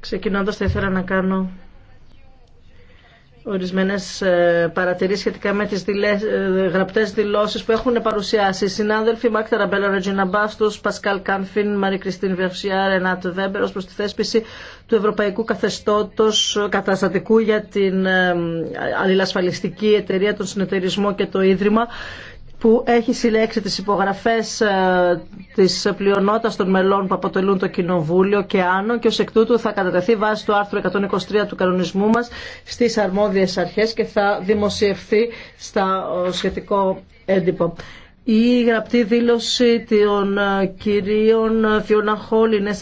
Ξεκινώντας θα ήθελα να κάνω ορισμένες ε, παρατηρήσεις σχετικά με τις δηλε... Ε, γραπτές δηλώσεις που έχουν παρουσιάσει οι συνάδελφοι Μακταρα Ραμπέλα Ρετζίνα Μπάστος, Πασκάλ Κάνφιν, Μαρή Κριστίν Βερσιά, Ρενάτ Βέμπερ ως προς τη θέσπιση του Ευρωπαϊκού Καθεστώτος ε, Καταστατικού για την αλληλασφαλιστική εταιρεία, τον συνεταιρισμό και το Ίδρυμα που έχει συλλέξει τις υπογραφές της πλειονότητα των μελών που αποτελούν το Κοινοβούλιο και άνω και ως εκ τούτου θα κατατεθεί βάσει του άρθρου 123 του κανονισμού μας στις αρμόδιες αρχές και θα δημοσιευθεί στα σχετικό έντυπο. Η γραπτή δήλωση των ε, κυρίων Φιώνα